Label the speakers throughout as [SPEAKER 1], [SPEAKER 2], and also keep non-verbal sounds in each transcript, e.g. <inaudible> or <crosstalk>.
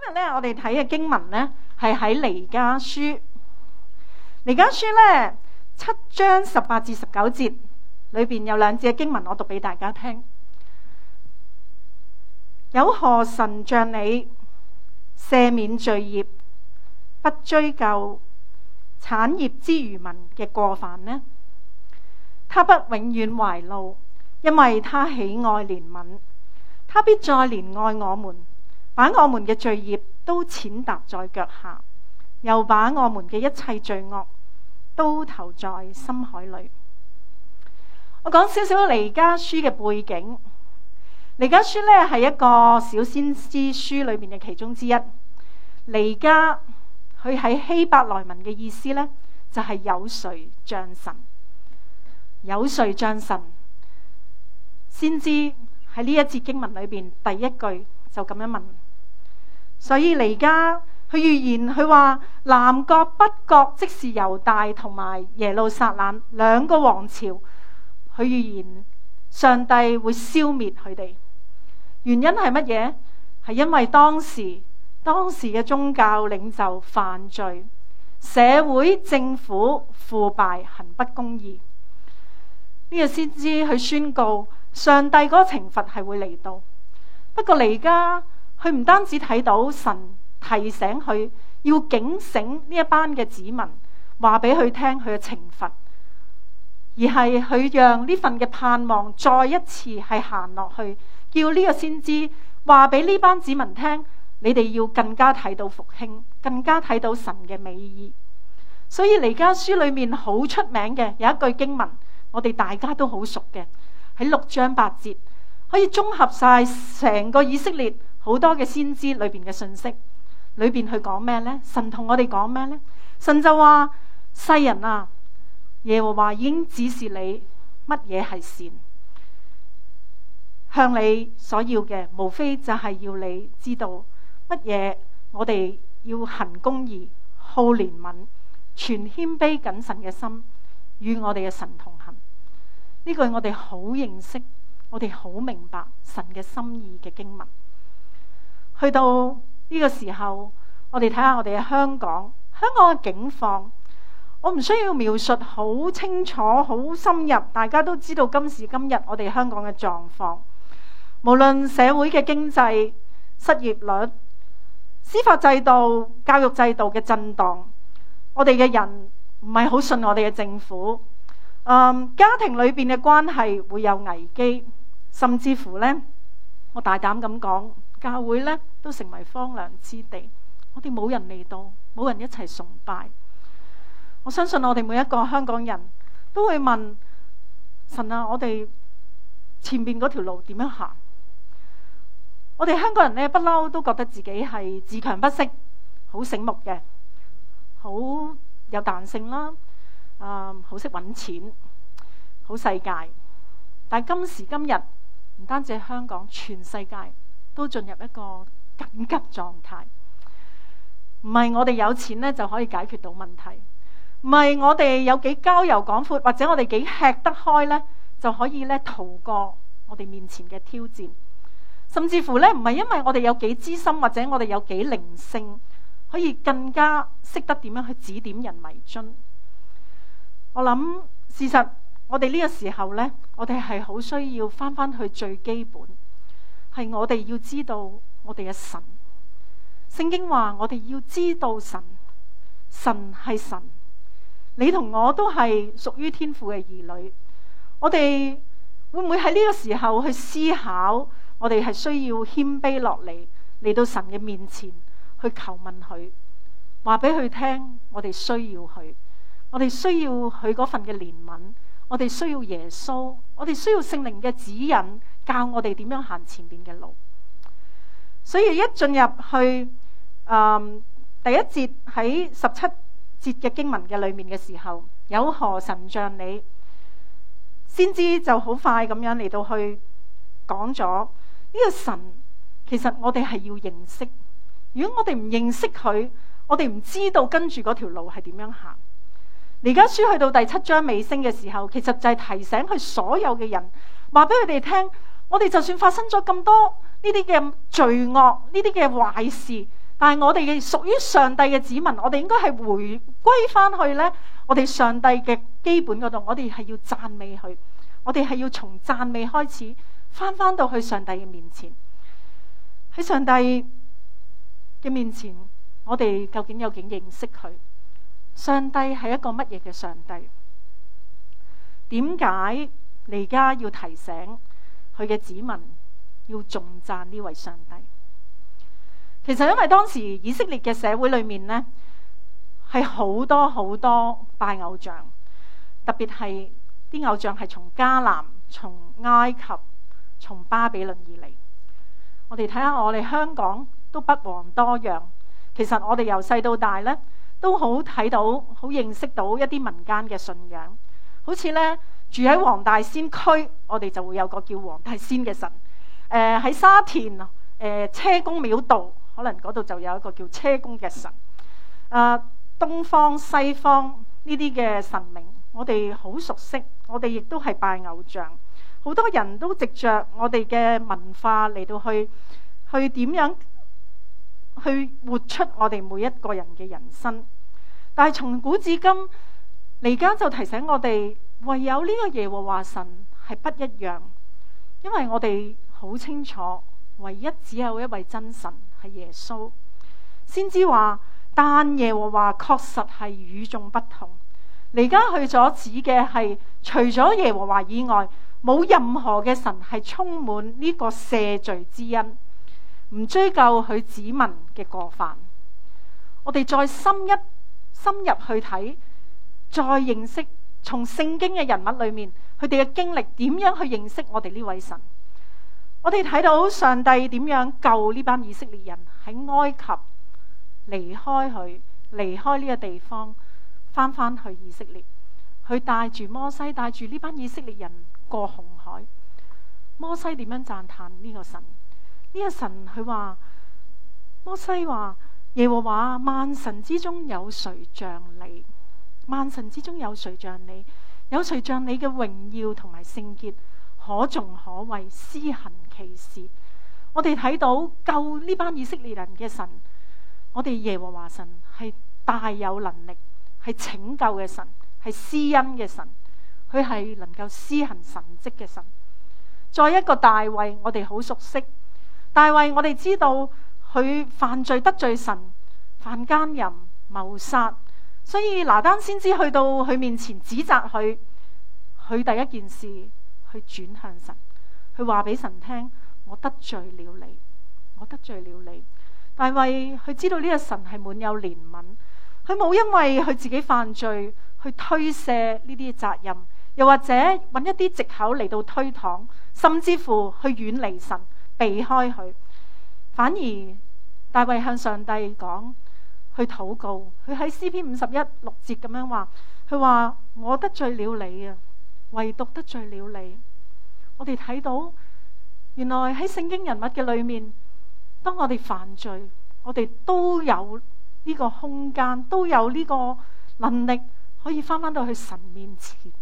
[SPEAKER 1] 今日咧，我哋睇嘅經文呢，係喺彌迦書。彌迦書呢，七章十八至十九節裏邊有兩節嘅經文，我讀俾大家聽。有何神像你赦免罪孽，不追究產業之餘民嘅過犯呢？他不永遠懷怒，因為他喜愛憐憫，他必再憐愛我們。把我們嘅罪孽都踐踏在腳下，又把我們嘅一切罪惡都投在深海裏。我講少少彌迦書嘅背景。彌迦書呢係一個小先知書裏面嘅其中之一。彌迦佢喺希伯來文嘅意思呢，就係、是、有誰像神，有誰像神。先知喺呢一節經文裏邊第一句就咁樣問。所以而家，佢預言佢話南國北國，即是猶大同埋耶路撒冷兩個王朝。佢預言上帝會消滅佢哋，原因係乜嘢？係因為當時當時嘅宗教領袖犯罪，社會政府腐敗、行不公義，呢個先知佢宣告上帝嗰個懲罰係會嚟到。不過而家。佢唔單止睇到神提醒佢要警醒呢一班嘅子民，話俾佢聽佢嘅懲罰，而係佢讓呢份嘅盼望再一次係行落去，叫呢個先知話俾呢班子民聽，你哋要更加睇到復興，更加睇到神嘅美意。所以彌迦書裏面好出名嘅有一句經文，我哋大家都好熟嘅喺六章八節，可以綜合晒成個以色列。好多嘅先知裏邊嘅信息，裏邊去講咩呢？神同我哋講咩呢？神就話世人啊，耶和華已經指示你乜嘢係善，向你所要嘅，無非就係要你知道乜嘢。我哋要行公義，好憐憫，全謙卑，謹慎嘅心，與我哋嘅神同行。呢句我哋好認識，我哋好明白神嘅心意嘅經文。去到呢個時候，我哋睇下我哋香港香港嘅境況。我唔需要描述好清楚、好深入，大家都知道今時今日我哋香港嘅狀況，無論社會嘅經濟失業率、司法制度、教育制度嘅震盪，我哋嘅人唔係好信我哋嘅政府。嗯，家庭裏邊嘅關係會有危機，甚至乎呢，我大膽咁講。教會咧都成為荒涼之地，我哋冇人嚟到，冇人一齊崇拜。我相信我哋每一個香港人都會問神啊：我哋前面嗰條路點樣行？我哋香港人呢，不嬲，都覺得自己係自強不息，好醒目嘅，好有彈性啦。啊、嗯，好識揾錢，好世界。但今時今日，唔單止香港，全世界。都進入一個緊急狀態，唔係我哋有錢咧就可以解決到問題，唔係我哋有幾交遊廣闊或者我哋幾吃得開咧就可以咧逃過我哋面前嘅挑戰，甚至乎咧唔係因為我哋有幾資深，或者我哋有幾靈性，可以更加識得點樣去指點人迷津。我諗，事實我哋呢個時候咧，我哋係好需要翻翻去最基本。係我哋要知道我哋嘅神。聖經話我哋要知道神，神係神。你同我都係屬於天父嘅兒女。我哋會唔會喺呢個時候去思考？我哋係需要謙卑落嚟，嚟到神嘅面前去求問佢，話俾佢聽，我哋需要佢，我哋需要佢嗰份嘅憐憫，我哋需要耶穌，我哋需要聖靈嘅指引。教我哋點樣行前面嘅路，所以一進入去，嗯，第一節喺十七節嘅經文嘅裏面嘅時候，有何神像你，先知就好快咁樣嚟到去講咗呢個神，其實我哋係要認識，如果我哋唔認識佢，我哋唔知道跟住嗰條路係點樣行。而家書去到第七章尾聲嘅時候，其實就係提醒佢所有嘅人，話俾佢哋聽。我哋就算發生咗咁多呢啲嘅罪惡，呢啲嘅壞事，但係我哋嘅屬於上帝嘅子民，我哋應該係回歸翻去呢。我哋上帝嘅基本嗰度，我哋係要讚美佢，我哋係要從讚美開始，翻翻到去上帝嘅面前。喺上帝嘅面前，我哋究竟有幾認識佢？上帝係一個乜嘢嘅上帝？點解你而家要提醒？佢嘅子民要重讚呢位上帝。其實因為當時以色列嘅社會裏面呢，係好多好多拜偶像，特別係啲偶像係從迦南、從埃及、從巴比倫而嚟。我哋睇下我哋香港都不遑多讓。其實我哋由細到大呢，都好睇到、好認識到一啲民間嘅信仰，好似呢。住喺黃大仙區，我哋就會有個叫黃大仙嘅神。誒、呃、喺沙田誒、呃、車公廟度，可能嗰度就有一個叫車公嘅神。誒、呃、東方西方呢啲嘅神明，我哋好熟悉，我哋亦都係拜偶像。好多人都藉着我哋嘅文化嚟到去去點樣去活出我哋每一個人嘅人生。但係從古至今而家就提醒我哋。唯有呢個耶和華神係不一樣，因為我哋好清楚，唯一只有一位真神係耶穌。先知話，但耶和華確實係與眾不同。而家去咗指嘅係，除咗耶和華以外，冇任何嘅神係充滿呢個赦罪之恩，唔追究佢子民嘅過犯。我哋再深一深入去睇，再認識。從聖經嘅人物裏面，佢哋嘅經歷點樣去認識我哋呢位神？我哋睇到上帝點樣救呢班以色列人喺埃及離開佢，離開呢個地方，翻返去以色列，佢帶住摩西帶住呢班以色列人過紅海。摩西點樣讚嘆呢個神？呢、呢個神佢話摩西話耶和華萬神之中有誰像你？萬神之中有誰像你？有誰像你嘅榮耀同埋聖潔可頌可畏？施行其事，我哋睇到救呢班以色列人嘅神，我哋耶和華神係大有能力，係拯救嘅神，係施恩嘅神，佢係能夠施行神蹟嘅神。再一個大衛，我哋好熟悉大衛，我哋知道佢犯罪得罪神，犯姦淫、謀殺。所以拿單先知去到佢面前指責佢，佢第一件事去轉向神，佢話俾神聽，我得罪了你，我得罪了你。大衛佢知道呢個神係滿有憐憫，佢冇因為佢自己犯罪去推卸呢啲責任，又或者揾一啲藉口嚟到推搪，甚至乎去遠離神，避開佢，反而大衛向上帝講。去禱告，佢喺詩篇五十一六節咁樣話，佢話我得罪了你啊，唯獨得罪了你。我哋睇到原來喺聖經人物嘅裏面，當我哋犯罪，我哋都有呢個空間，都有呢個能力，可以翻返到去神面前。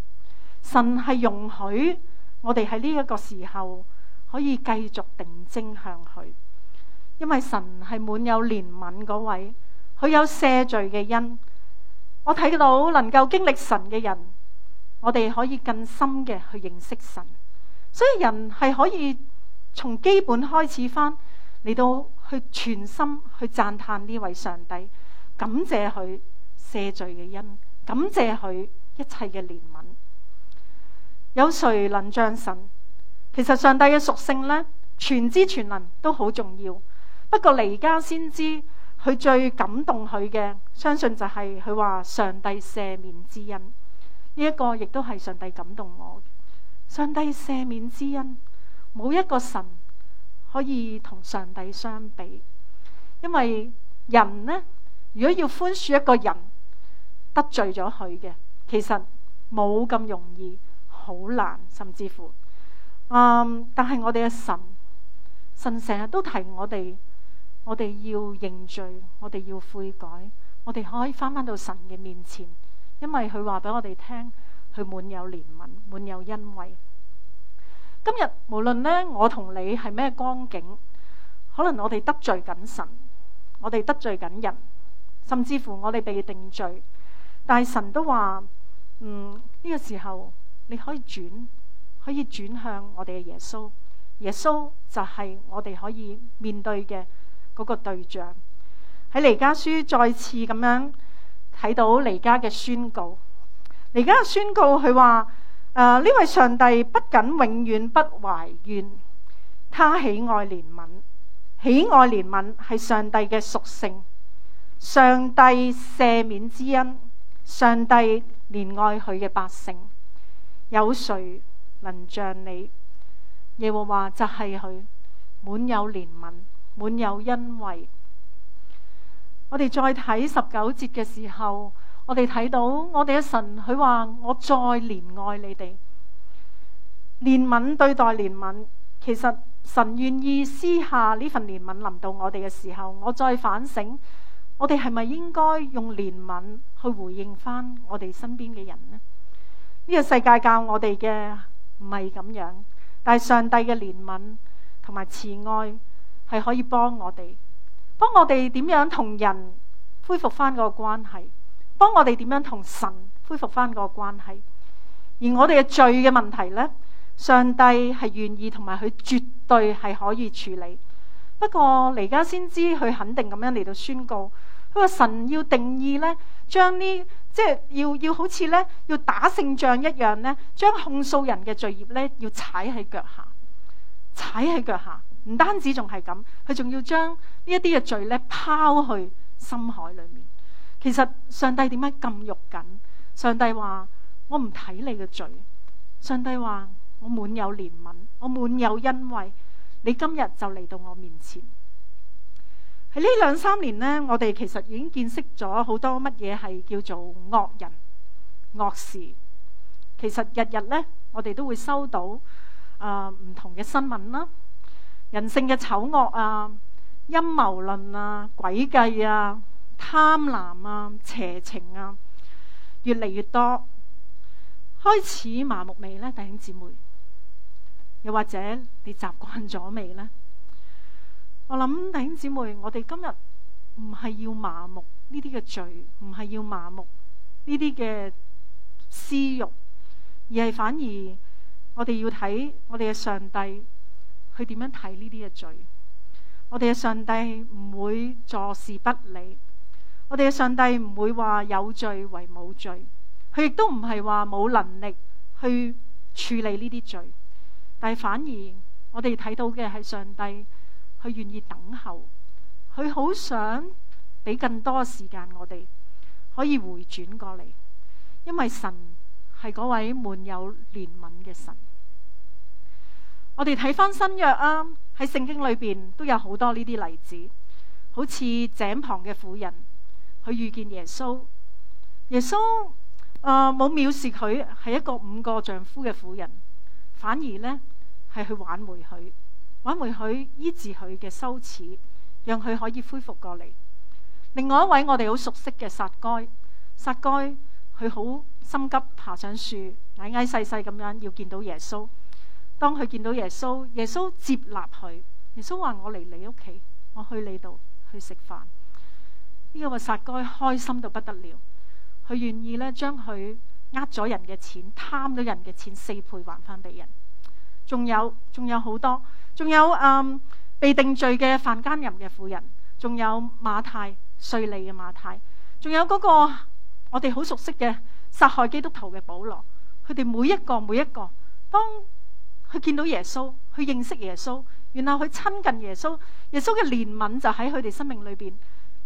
[SPEAKER 1] 神係容許我哋喺呢一個時候可以繼續定睛向佢，因為神係滿有憐憫嗰位。佢有赦罪嘅恩，我睇到能夠經歷神嘅人，我哋可以更深嘅去認識神。所以人係可以從基本開始翻嚟到去全心去讚嘆呢位上帝，感謝佢赦罪嘅恩，感謝佢一切嘅憐憫。有誰能將神？其實上帝嘅屬性呢，全知全能都好重要。不過彌迦先知。佢最感動佢嘅，相信就係佢話上帝赦免之恩呢一個，亦都係上帝感動我。上帝赦免之恩，冇一個神可以同上帝相比，因為人呢，如果要寬恕一個人得罪咗佢嘅，其實冇咁容易，好難，甚至乎，嗯，但係我哋嘅神，神成日都提我哋。我哋要認罪，我哋要悔改，我哋可以翻返到神嘅面前，因為佢話俾我哋聽，佢滿有憐憫，滿有恩惠。今日無論呢，我同你係咩光景，可能我哋得罪緊神，我哋得罪緊人，甚至乎我哋被定罪，但係神都話：嗯，呢個時候你可以轉，可以轉向我哋嘅耶穌。耶穌就係我哋可以面對嘅。嗰個對象喺彌迦書再次咁樣睇到彌迦嘅宣告。彌迦嘅宣告佢話：誒、呃、呢位上帝不僅永遠不懷怨，他喜愛憐憫，喜愛憐憫係上帝嘅屬性。上帝赦免之恩，上帝憐愛佢嘅百姓，有誰能像你耶和華？就係佢滿有憐憫。滿有恩惠。我哋再睇十九節嘅時候，我哋睇到我哋嘅神，佢話我再憐愛你哋，憐憫對待憐憫。其實神願意私下呢份憐憫臨到我哋嘅時候，我再反省，我哋係咪應該用憐憫去回應返我哋身邊嘅人呢？呢個世界教我哋嘅唔係咁樣，但係上帝嘅憐憫同埋慈愛。係可以幫我哋，幫我哋點樣同人恢復翻個關係幫我哋點樣同神恢復翻個關係。而我哋嘅罪嘅問題呢，上帝係願意同埋佢絕對係可以處理。不過而家先知佢肯定咁樣嚟到宣告，佢話神要定義呢，將呢即係要要好似呢，要打勝仗一樣呢，將控訴人嘅罪孽呢，要踩喺腳下，踩喺腳下。唔單止仲係咁，佢仲要將呢一啲嘅罪呢拋去深海裏面。其實上帝點解咁肉緊？上帝話我唔睇你嘅罪。上帝話我滿有憐憫，我滿有恩惠，你今日就嚟到我面前。喺呢兩三年呢，我哋其實已經見識咗好多乜嘢係叫做惡人惡事。其實日日呢，我哋都會收到呃、唔同嘅新聞啦。人性嘅醜惡啊、陰謀論啊、詭計啊、貪婪啊、邪情啊，越嚟越多，開始麻木未呢？弟兄姊妹，又或者你習慣咗未呢？我諗弟兄姊妹，我哋今日唔係要麻木呢啲嘅罪，唔係要麻木呢啲嘅私欲，而係反而我哋要睇我哋嘅上帝。佢點樣睇呢啲嘅罪？我哋嘅上帝唔會坐視不理，我哋嘅上帝唔會話有罪為冇罪，佢亦都唔係話冇能力去處理呢啲罪，但係反而我哋睇到嘅係上帝，佢願意等候，佢好想俾更多時間我哋可以回轉過嚟，因為神係嗰位滿有憐憫嘅神。我哋睇翻新約啊，喺聖經裏邊都有好多呢啲例子，好似井旁嘅婦人，佢遇見耶穌，耶穌誒冇，呃，藐視佢係一個五個丈夫嘅婦人，反而呢，係去挽回佢，挽回佢，醫治佢嘅羞恥，讓佢可以恢復過嚟。另外一位我哋好熟悉嘅撒該，撒該佢好心急爬上樹，矮矮細細咁樣要見到耶穌。當佢見到耶穌，耶穌接納佢。耶穌話：我嚟，你屋企，我去你度去食飯。呢、這個話撒該開心到不得了，佢願意咧將佢呃咗人嘅錢、貪咗人嘅錢四倍還翻俾人。仲有仲有好多，仲有、嗯、被定罪嘅犯姦淫嘅婦人，仲有馬太稅吏嘅馬太，仲有嗰個我哋好熟悉嘅殺害基督徒嘅保羅。佢哋每一個每一個當。去見到耶穌，去認識耶穌，然後去親近耶穌。耶穌嘅憐憫就喺佢哋生命裏邊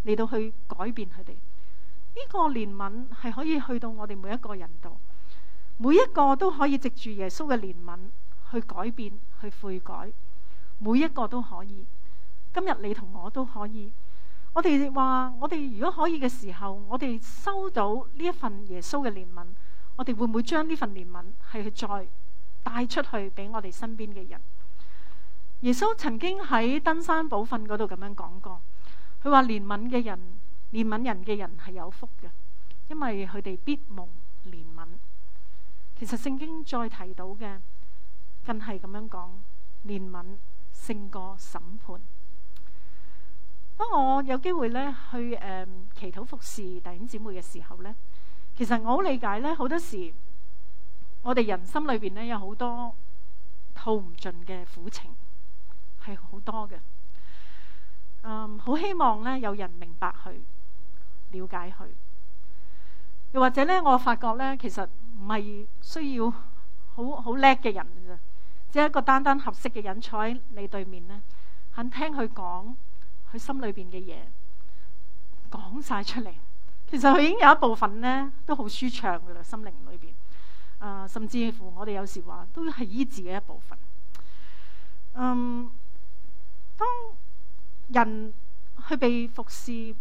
[SPEAKER 1] 嚟到去改變佢哋。呢個憐憫係可以去到我哋每一個人度，每一個都可以藉住耶穌嘅憐憫去改變，去悔改。每一個都可以，今日你同我都可以。我哋話我哋如果可以嘅時候，我哋收到呢一份耶穌嘅憐憫，我哋會唔會將呢份憐憫係去再？帶出去俾我哋身邊嘅人。耶穌曾經喺登山寶訓嗰度咁樣講過，佢話憐憫嘅人，憐憫人嘅人係有福嘅，因為佢哋必蒙憐憫。其實聖經再提到嘅，更係咁樣講，憐憫勝過審判。當我有機會咧去誒、呃、祈禱服侍弟兄姊妹嘅時候咧，其實我好理解咧，好多時。我哋人心裏邊咧有好多吐唔盡嘅苦情，係好多嘅。嗯，好希望咧有人明白佢，了解佢。又或者咧，我發覺咧，其實唔係需要好好叻嘅人，即係一個單單合適嘅人坐喺你對面咧，肯聽佢講佢心裏邊嘅嘢，講晒出嚟。其實佢已經有一部分咧都好舒暢噶啦，心靈裏邊。啊、呃，甚至乎我哋有時話都係醫治嘅一部分。嗯，當人去被服侍，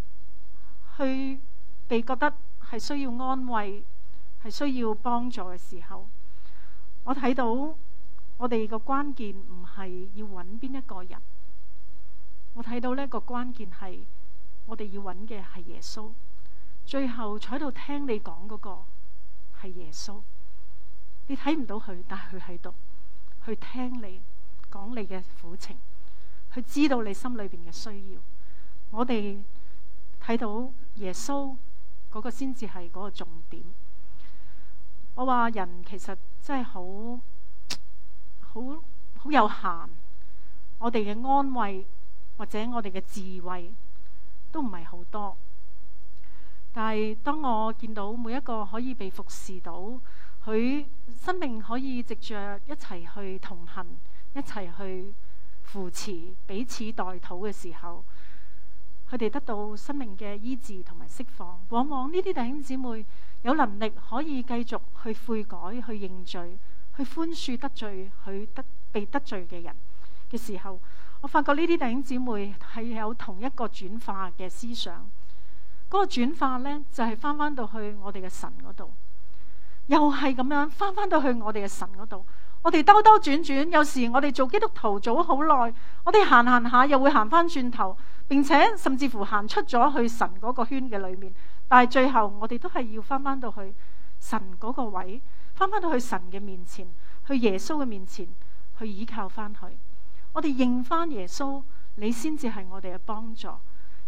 [SPEAKER 1] 去被覺得係需要安慰，係需要幫助嘅時候，我睇到我哋個關鍵唔係要揾邊一個人。我睇到呢、呢個關鍵係我哋要揾嘅係耶穌，最後坐喺度聽你講嗰個係耶穌。你睇唔到佢，但係佢喺度，去聽你講你嘅苦情，去知道你心裏邊嘅需要。我哋睇到耶穌嗰個先至係嗰個重點。我話人其實真係好好好有限，我哋嘅安慰或者我哋嘅智慧都唔係好多。但係當我見到每一個可以被服侍到。佢生命可以藉着一齊去同行，一齊去扶持彼此代禱嘅時候，佢哋得到生命嘅醫治同埋釋放。往往呢啲弟兄姊妹有能力可以繼續去悔改、去認罪、去寬恕得罪佢得被得罪嘅人嘅時候，我發覺呢啲弟兄姊妹係有同一個轉化嘅思想。嗰個轉化咧，就係翻返到去我哋嘅神嗰度。又係咁樣，翻翻到去我哋嘅神嗰度。我哋兜兜轉轉，有時我哋做基督徒做咗好耐，我哋行行下又會行翻轉頭，並且甚至乎行出咗去神嗰個圈嘅裏面。但係最後我哋都係要翻翻到去神嗰個位，翻翻到去神嘅面前，去耶穌嘅面前去依靠翻佢。我哋認翻耶穌，你先至係我哋嘅幫助，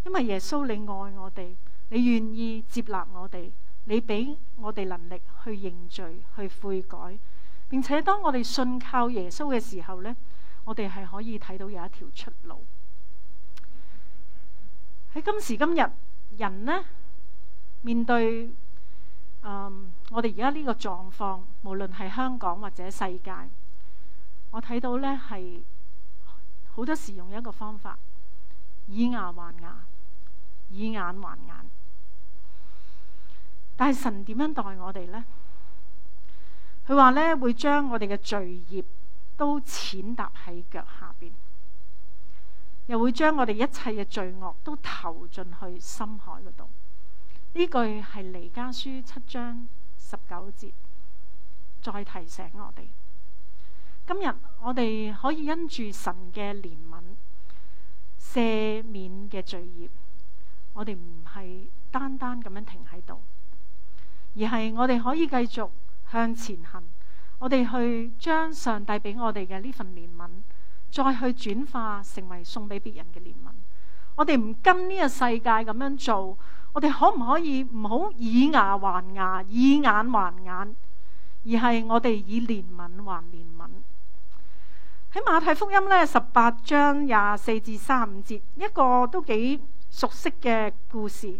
[SPEAKER 1] 因為耶穌你愛我哋，你願意接納我哋。你俾我哋能力去認罪、去悔改，並且當我哋信靠耶穌嘅時候呢，我哋係可以睇到有一條出路。喺今時今日，人呢，面對、嗯、我哋而家呢個狀況，無論係香港或者世界，我睇到呢係好多時用一個方法，以牙還牙，以眼還牙。但係神點樣待我哋呢？佢話咧會將我哋嘅罪孽都踐踏喺腳下邊，又會將我哋一切嘅罪惡都投進去深海嗰度。呢句係彌迦書七章十九節，再提醒我哋。今日我哋可以因住神嘅憐憫、赦免嘅罪孽，我哋唔係單單咁樣停喺度。而係我哋可以繼續向前行，我哋去將上帝俾我哋嘅呢份憐憫，再去轉化成為送俾別人嘅憐憫。我哋唔跟呢個世界咁樣做，我哋可唔可以唔好以牙還牙，以眼還眼，而係我哋以憐憫還憐憫？喺馬太福音呢十八章廿四至三五節，一個都幾熟悉嘅故事。.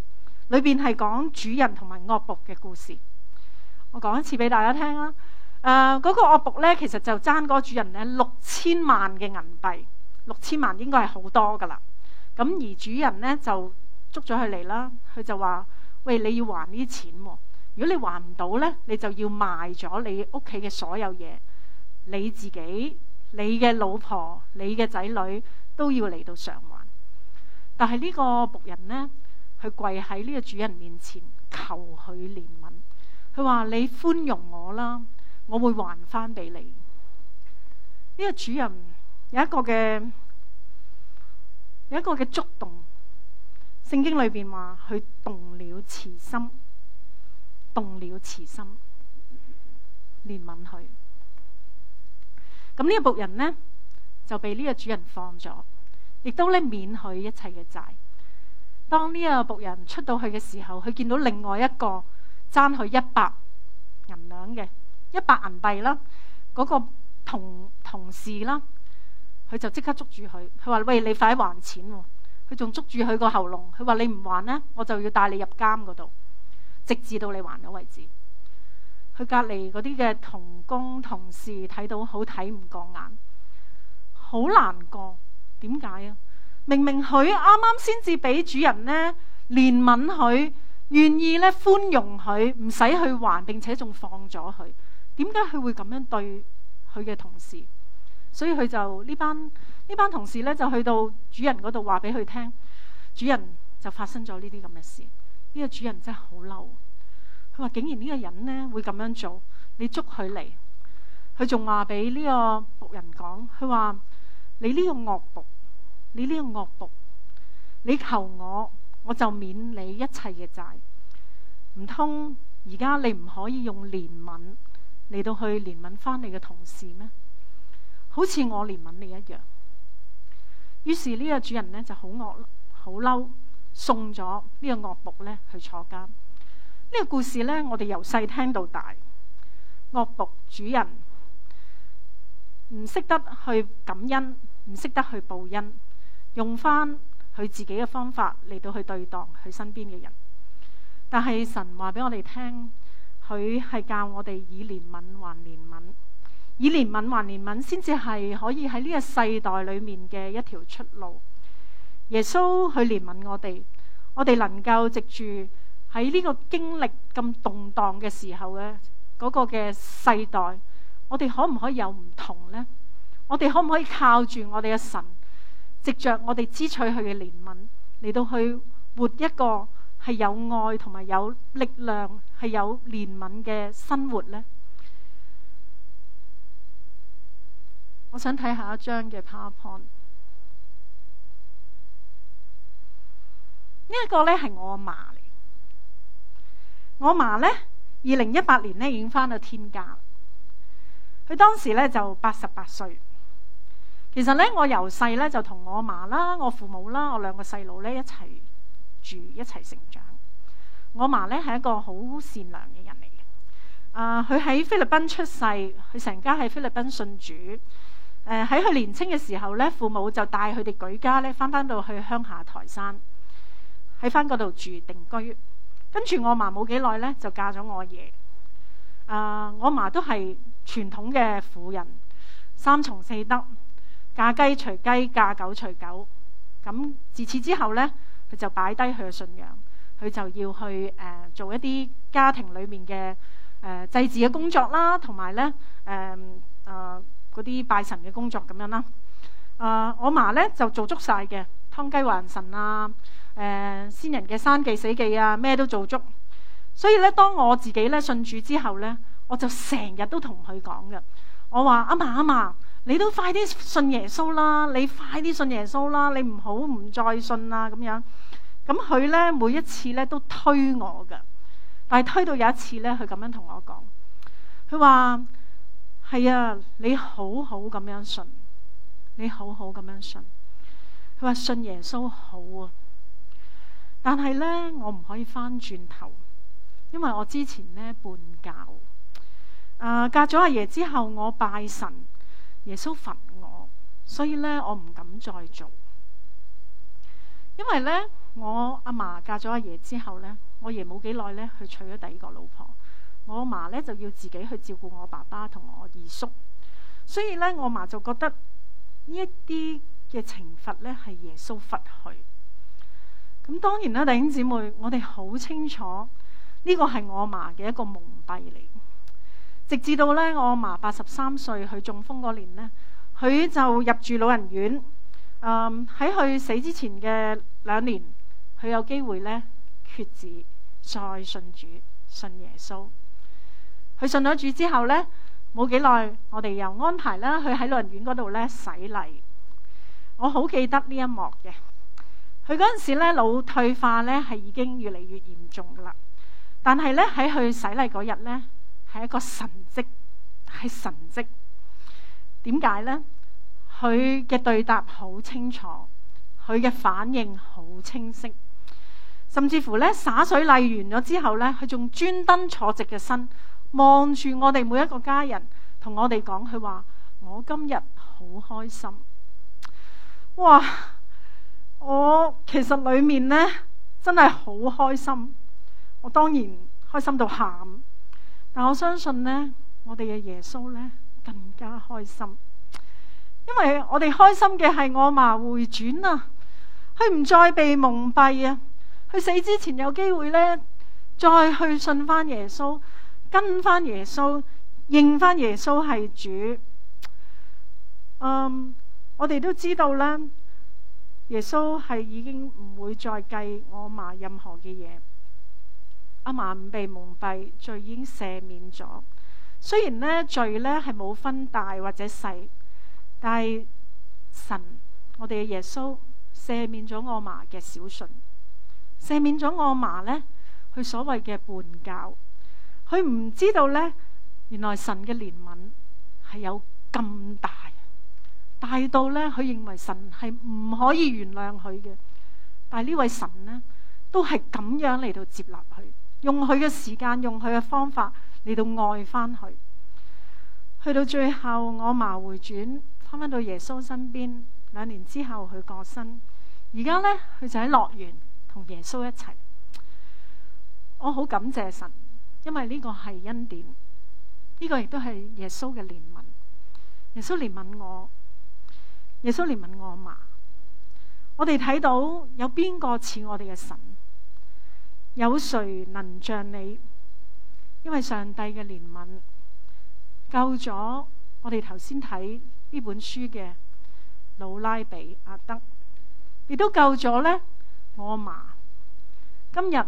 [SPEAKER 1] 裏邊係講主人同埋惡僕嘅故事，我講一次俾大家聽啦、呃。誒，嗰個惡僕呢，其實就爭嗰主人呢六千萬嘅銀幣，六千萬應該係好多噶啦。咁而主人呢，就捉咗佢嚟啦，佢就話：喂，你要還啲錢喎、啊，如果你還唔到呢，你就要賣咗你屋企嘅所有嘢，你自己、你嘅老婆、你嘅仔女都要嚟到償還。但係呢個僕人呢。佢跪喺呢個主人面前求佢憐憫，佢話，你寬容我啦，我會還翻俾你。呢個主人有一個嘅有一個嘅觸動，聖經裏邊話佢動了慈心，動了慈心憐憫佢。咁呢個僕人呢，就被呢個主人放咗，亦都咧免佢一切嘅債。當呢個僕人出到去嘅時候，佢見到另外一個爭佢一百銀兩嘅，一百銀幣啦，嗰個同同事啦，佢就即刻捉住佢，佢話：喂，你快還錢啊！佢仲捉住佢個喉嚨，佢話：你唔還呢，我就要帶你入監嗰度，直至到你還咗為止。佢隔籬嗰啲嘅同工同事睇到好睇唔過眼，好難過，點解啊？明明佢啱啱先至俾主人呢憐憫佢，願意咧寬容佢，唔使去還，並且仲放咗佢。點解佢會咁樣對佢嘅同事？所以佢就呢班呢班同事咧就去到主人嗰度話俾佢聽，主人就發生咗呢啲咁嘅事。呢個主人真係好嬲，佢話竟然呢個人呢會咁樣做，你捉佢嚟。佢仲話俾呢個僕人講，佢話你呢個惡僕。你呢個惡僕，你求我，我就免你一切嘅債。唔通，而家你唔可以用憐憫嚟,到去憐憫翻你嘅同事咩？好似我憐憫你一樣。於是呢個主人呢就好惡好嬲，送咗呢個惡僕呢去坐監。呢、呢個故事呢，我哋由細聽到大，惡僕主人唔識得去感恩，唔識得去報恩。用翻佢自己嘅方法嚟到去對待佢身邊嘅人，但係神話俾我哋聽，佢係教我哋以憐憫還憐憫，以憐憫還憐憫，先至係可以喺呢個世代裏面嘅一條出路。耶穌佢憐憫我哋，我哋能夠藉住喺呢個經歷咁動盪嘅時候咧，嗰、那個嘅世代，我哋可唔可以有唔同呢？我哋可唔可以靠住我哋嘅神？藉着我哋支取佢嘅憐憫嚟到去活一個係有愛同埋有力量、係有憐憫嘅生活呢。我想睇下一張嘅 PowerPoint，呢一個呢，係我阿嫲嚟。我阿嫲呢，二零一八年呢，已經返到天家。佢當時呢，就八十八歲。其實咧，我由細咧就同我阿媽啦、我父母啦、我兩個細佬咧一齊住，一齊成長。我阿媽咧係一個好善良嘅人嚟嘅。啊、呃，佢喺菲律賓出世，佢成家喺菲律賓信主。誒喺佢年青嘅時候咧，父母就帶佢哋舉家咧翻翻到去鄉下台山喺翻嗰度住定居。跟住我阿媽冇幾耐咧就嫁咗我爺。啊、呃，我阿媽都係傳統嘅婦人，三從四德。嫁雞隨雞，嫁狗隨狗。咁自此之後呢，佢就擺低佢嘅信仰，佢就要去誒、呃、做一啲家庭裏面嘅誒祭祀嘅工作啦，同埋呢誒啊嗰啲拜神嘅工作咁樣啦。啊、呃，我嫲呢就做足晒嘅，劏雞還神啊，誒、呃、先人嘅生忌死忌啊，咩都做足。所以呢，當我自己呢信主之後呢，我就成日都同佢講嘅，我話阿嫲阿嫲。你都快啲信耶穌啦！你快啲信耶穌啦！你唔好唔再信啦，咁樣。咁佢呢每一次呢都推我噶，但係推到有一次呢，佢咁樣同我講，佢話係啊，你好好咁樣信，你好好咁樣信。佢話信耶穌好啊，但係呢，我唔可以返轉頭，因為我之前呢半教啊嫁咗阿爺之後，我拜神。耶穌罰我，所以咧我唔敢再做。因為咧我阿嫲嫁咗阿爺之後咧，我爺冇幾耐咧佢娶咗第二個老婆，我阿嫲咧就要自己去照顧我爸爸同我二叔，所以咧我阿嫲就覺得呢一啲嘅懲罰咧係耶穌罰佢。咁當然啦，弟兄姊妹，我哋好清楚呢個係我阿嫲嘅一個蒙蔽嚟。直至到咧，我阿嫲八十三歲，佢中風嗰年呢，佢就入住老人院。嗯、呃，喺佢死之前嘅兩年，佢有機會咧決志再信主，信耶穌。佢信咗主之後咧，冇幾耐，我哋又安排咧佢喺老人院嗰度咧洗禮。我好記得呢一幕嘅。佢嗰陣時咧腦退化咧係已經越嚟越嚴重噶啦，但係咧喺佢洗禮嗰日咧。係一個神蹟，係神蹟。點解呢？佢嘅對答好清楚，佢嘅反應好清晰，甚至乎咧灑水禮完咗之後咧，佢仲專登坐直個身，望住我哋每一個家人，同我哋講佢話：我今日好開心。哇！我其實裏面呢，真係好開心，我當然開心到喊。但我相信咧，我哋嘅耶穌咧更加開心，因為我哋開心嘅係我阿嫲回轉啊，佢唔再被蒙蔽啊，佢死之前有機會咧再去信翻耶穌，跟翻耶穌，認翻耶穌係主。嗯，我哋都知道啦，耶穌係已經唔會再計我阿嫲任何嘅嘢。阿嫲唔被蒙蔽，罪已經赦免咗。雖然呢罪呢係冇分大或者細，但係神我哋嘅耶穌赦免咗我嫲嘅小信，赦免咗我嫲呢佢所謂嘅叛教，佢唔知道呢，原來神嘅憐憫係有咁大，大到呢，佢認為神係唔可以原諒佢嘅，但係呢位神呢，都係咁樣嚟到接納佢。用佢嘅時間，用佢嘅方法嚟到愛翻佢。去到最後，我嫲回轉，翻返到耶穌身邊。兩年之後，佢過身。而家呢，佢就喺樂園同耶穌一齊。我好感謝神，因為呢個係恩典，呢個亦都係耶穌嘅憐憫。耶穌憐憫我，耶穌憐憫我阿嫲。我哋睇到有邊個似我哋嘅神？有誰能像你？因為上帝嘅憐憫救咗我哋，頭先睇呢本書嘅老拉比阿德，亦都救咗呢我阿嫲。今日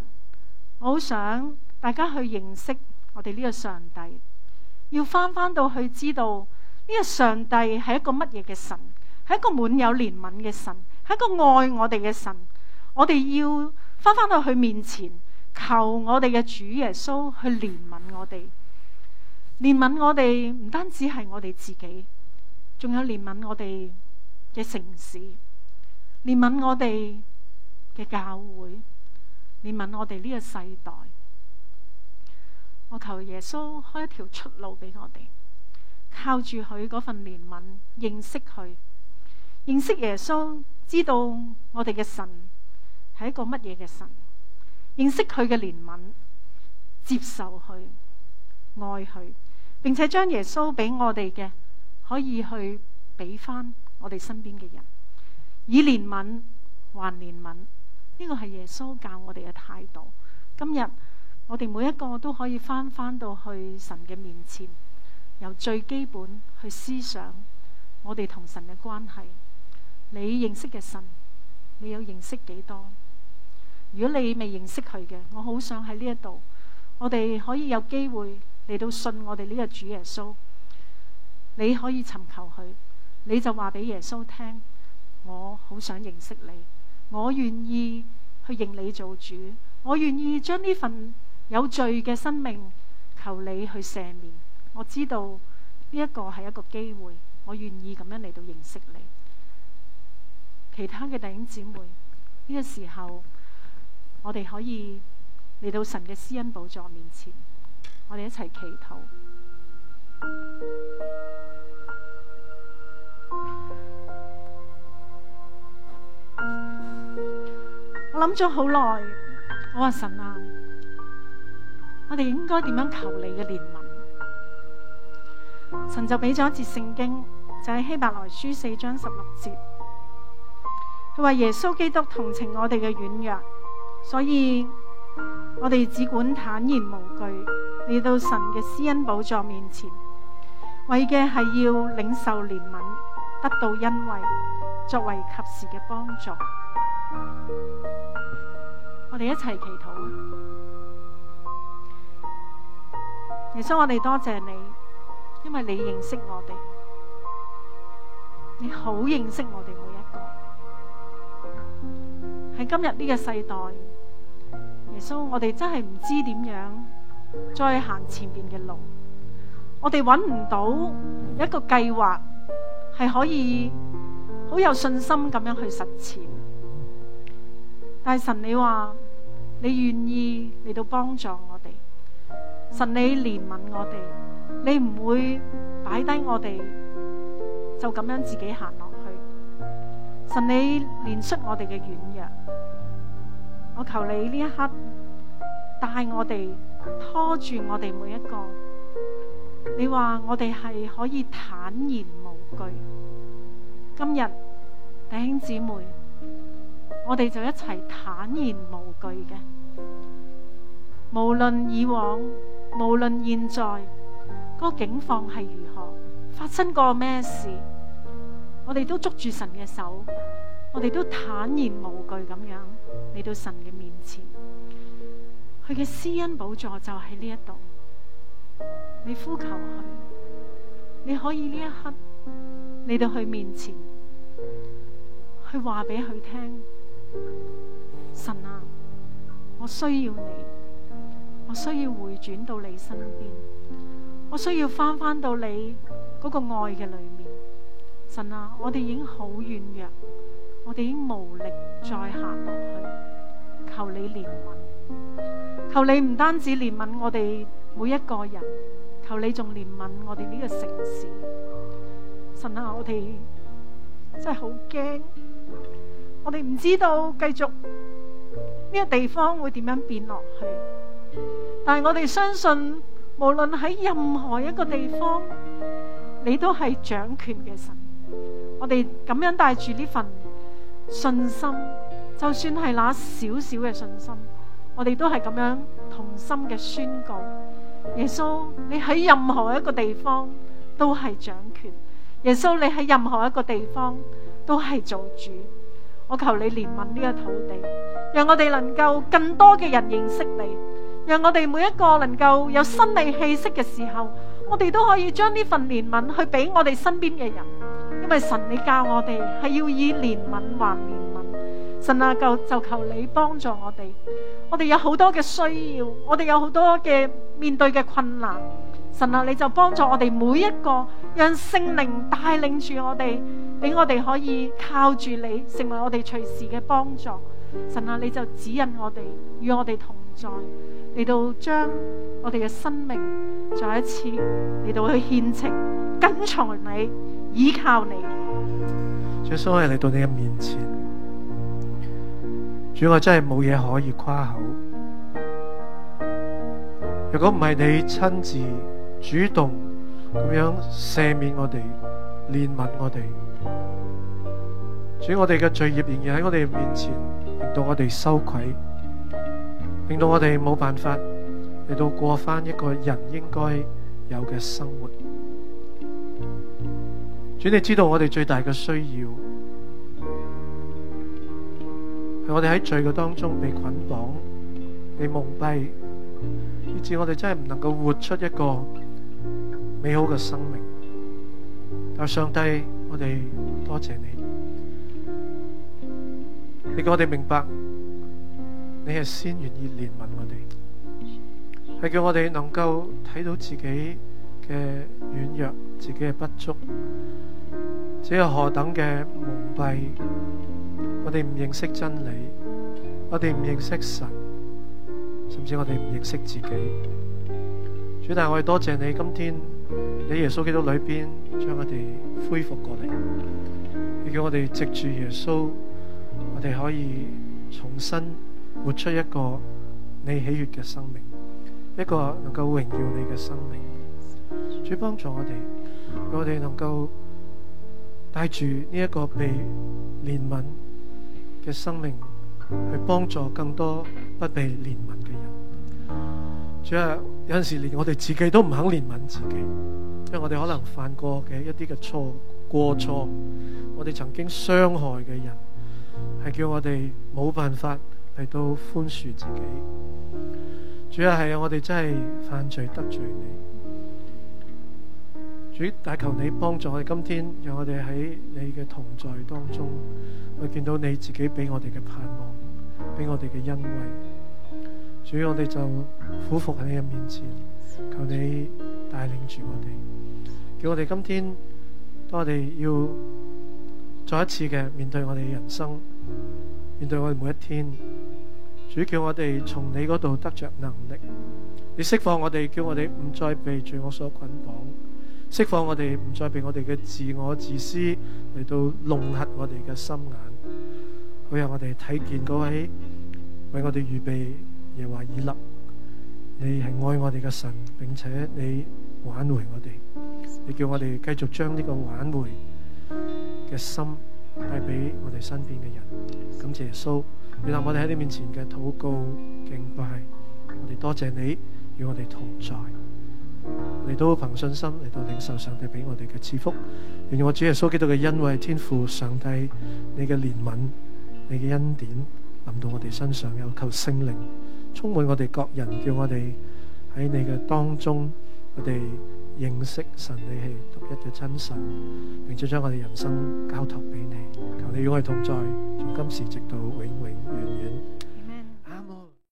[SPEAKER 1] 我好想大家去認識我哋呢個上帝，要翻翻到去知道呢個上帝係一個乜嘢嘅神，係一個滿有憐憫嘅神，係一個愛我哋嘅神。我哋要。翻翻到佢面前，求我哋嘅主耶穌去憐憫我哋，憐憫我哋唔單止係我哋自己，仲有憐憫我哋嘅城市，憐憫我哋嘅教會，憐憫我哋呢個世代。我求耶穌開一條出路俾我哋，靠住佢嗰份憐憫，認識佢，認識耶穌，知道我哋嘅神。係一個乜嘢嘅神？認識佢嘅憐憫，接受佢，愛佢，並且將耶穌俾我哋嘅，可以去俾翻我哋身邊嘅人，以憐憫還憐憫。呢個係耶穌教我哋嘅態度。今日我哋每一個都可以翻翻到去神嘅面前，由最基本去思想我哋同神嘅關係。你認識嘅神，你有認識幾多？如果你未認識佢嘅，我好想喺呢一度，我哋可以有機會嚟到信我哋呢個主耶穌。你可以尋求佢，你就話俾耶穌聽，我好想認識你，我願意去認你做主，我願意將呢份有罪嘅生命求你去赦免。我知道呢一個係一個機會，我願意咁樣嚟到認識你。其他嘅弟兄姊妹，呢個時候。我哋可以嚟到神嘅施恩寶座面前，我哋一齊祈禱。 <noise> 我諗咗好耐，我話神啊，我哋應該點樣求你嘅憐憫？神就俾咗一節聖經，就喺希伯來書四章十六節，佢話耶穌基督同情我哋嘅軟弱。所以，我哋只管坦然無懼，嚟到神嘅施恩寶座面前，為嘅係要領受憐憫，得到恩惠，作為及時嘅幫助。我哋一齊祈禱啦！耶穌，我哋多謝你，因為你認識我哋，你好認識我哋每一個，喺今日呢個世代。所以、so, 我哋真係唔知點樣再行前邊嘅路，我哋揾唔到一個計劃係可以好有信心咁樣去實踐。但係神你話你願意嚟到幫助我哋，神你憐憫我哋，你唔會擺低我哋就咁樣自己行落去。神你憐恤我哋嘅軟弱。我求你呢一刻帶我哋拖住我哋每一個。你話我哋係可以坦然無懼，今日弟兄姊妹，我哋就一齊坦然無懼嘅。無論以往，無論現在，嗰個境況係如何，發生過咩事，我哋都捉住神嘅手。我哋都坦然無懼咁樣嚟到神嘅面前，佢嘅施恩寶座就喺呢一度。你呼求佢，你可以呢一刻嚟到佢面前，去話俾佢聽。神啊，我需要你，我需要回轉到你身邊，我需要翻翻到你嗰個愛嘅裏面。神啊，我哋已經好軟弱。我哋已經無力再行落去，求你憐憫，求你唔單止憐憫我哋每一個人，求你仲憐憫我哋呢個城市。神啊，我哋真係好驚，我哋唔知道繼續呢個地方會點樣變落去。但係我哋相信，無論喺任何一個地方，你都係掌權嘅神。我哋咁樣帶住呢份信心，就算係那少少嘅信心，我哋都係咁樣同心嘅宣告。耶穌，你喺任何一個地方都係掌權；耶穌，你喺任何一個地方都係做主。我求你憐憫呢個土地，讓我哋能夠更多嘅人認識你，讓我哋每一個能夠有生命氣息嘅時候，我哋都可以將呢份憐憫去俾我哋身邊嘅人。因為神你教我哋係要以憐憫還憐憫，神啊就就求你幫助我哋，我哋有好多嘅需要，我哋有好多嘅面對嘅困難，神啊你就幫助我哋每一個，讓聖靈帶領住我哋，俾我哋可以靠住你成為我哋隨時嘅幫助，神啊你就指引我哋與我哋同再嚟到將我哋嘅生命再一次嚟到去獻呈，跟從你，依靠你。
[SPEAKER 2] 主，所有嘢，嚟到你嘅面前，主，我真係冇嘢可以誇口。如果唔係你親自主動咁樣赦免我哋，憐憫我哋，主，我哋嘅罪孽仍然喺我哋面前，令到我哋羞愧。令到我哋冇辦法嚟到過返一個人應該有嘅生活。主你知道我哋最大嘅需要係我哋喺罪嘅當中被捆綁、被蒙蔽，以致我哋真係唔能夠活出一個美好嘅生命。但係上帝，我哋多謝你，你叫我哋明白。你係先願意憐憫我哋，係叫我哋能夠睇到自己嘅軟弱，自己嘅不足。只有何等嘅蒙蔽，我哋唔認識真理，我哋唔認識神，甚至我哋唔認識自己。主啊，我哋多謝你，今天喺耶穌基督裏面將我哋恢復過嚟，亦叫我哋藉住耶穌，我哋可以重新。活出一個你喜悅嘅生命，一個能夠榮耀你嘅生命。主幫助我哋，讓我哋能夠帶住呢一個被憐憫嘅生命，去幫助更多不被憐憫嘅人。主啊，有陣時，連我哋自己都唔肯憐憫自己，因為我哋可能犯過嘅一啲嘅錯、過錯，我哋曾經傷害嘅人，係叫我哋冇辦法。嚟到寬恕自己，主要係我哋真係犯罪得罪你。主，但求你幫助我哋今天，讓我哋喺你嘅同在當中，去見到你自己俾我哋嘅盼望，俾我哋嘅欣慰。主，我哋就俯伏喺你嘅面前，求你帶領住我哋，叫我哋今天，當我哋要再一次嘅面對我哋嘅人生。面對我哋每一天，主叫我哋從你嗰度得着能力，你釋放我哋，叫我哋唔再被罪惡所捆綁，釋放我哋唔再被我哋嘅自我自私嚟到弄轄我哋嘅心眼，好讓我哋睇見嗰位為我哋預備耶華以勒。你係愛我哋嘅神，並且你挽回我哋，你叫我哋繼續將呢個挽回嘅心。帶俾我哋身邊嘅人，感謝耶穌，願我哋喺你面前嘅禱告敬拜，我哋多謝你與我哋同在，嚟到憑信心嚟到領受上帝俾我哋嘅賜福，願我主耶穌基督嘅恩惠、天父上帝你嘅憐憫、你嘅恩典臨到我哋身上有，有求聖靈充滿我哋各人，叫我哋喺你嘅當中，我哋。認識神，你係獨一嘅真神，並且將我哋人生交託俾你。求你與我同在，從今時直到永永遠遠。